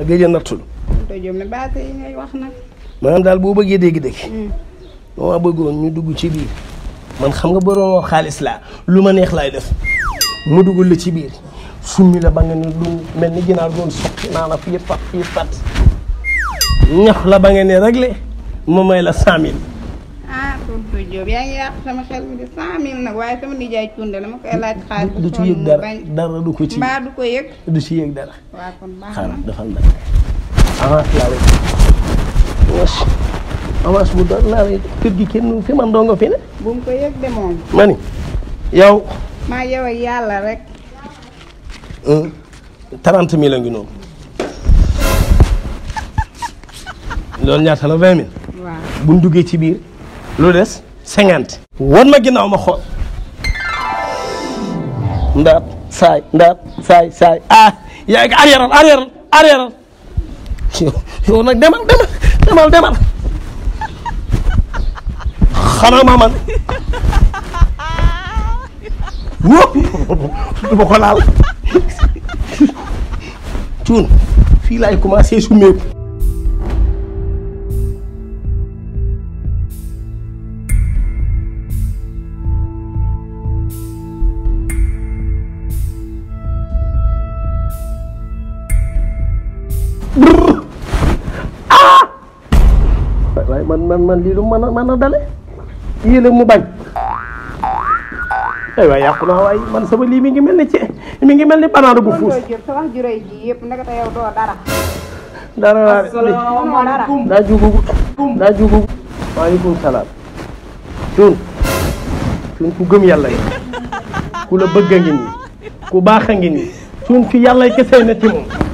ak géej a nattul. maanaam daal boo bëggee dégg-dégg. Hmm. maa bëggoon ñu dugg ci biir. man xam nga borom xaalis laa lu ma neex laay def mu duggal la ci biir summi la ba lu mel ni ginnaaw doon soqi la fii fat fii fat ñax la ba nga ne réglé mu may la cent Kounta Diop yaa ngi yàq sama xel mi de cent mille nag waaye sama nijaay Kounta dama koy laaj xaalis. du ci yëg dara dara du ko ci mbaa du ko yëg. du ci yëg dara. waaw kon baax na xaaral defal na avance laa lay avance avance bu doon laa lay kër gi kenn fi man doo nga fi ne. bu mu ko yëg de moom. ma ni yow. maa yow ak yàlla rek. trente mille a ngi noonu. loolu ñaata la vingt mille. waaw bu ñu duggee ci biir. lu des cinquante. wan ma ginnaaw ma xool ndaat saay ndaat saay saay ah yaa ngi arrière arrière arrière yow nag demal demal demal demal xanaa ma man wóop du ma ko laal ah waaye man man man lii lu mën a mën a dale yéele mu bañ aywa yàqu naa waaye man sama lii mi ngi mel ni ci mi ngi mel ni banaana bu fuus. dara waaye asalaamaaleykum daa jugugu daa jugugu waaleykum salaam cuun ku gëm yàlla ku la bëgg ngi nii ku baax a ngi nii cuun fi yàlla kese na ci moom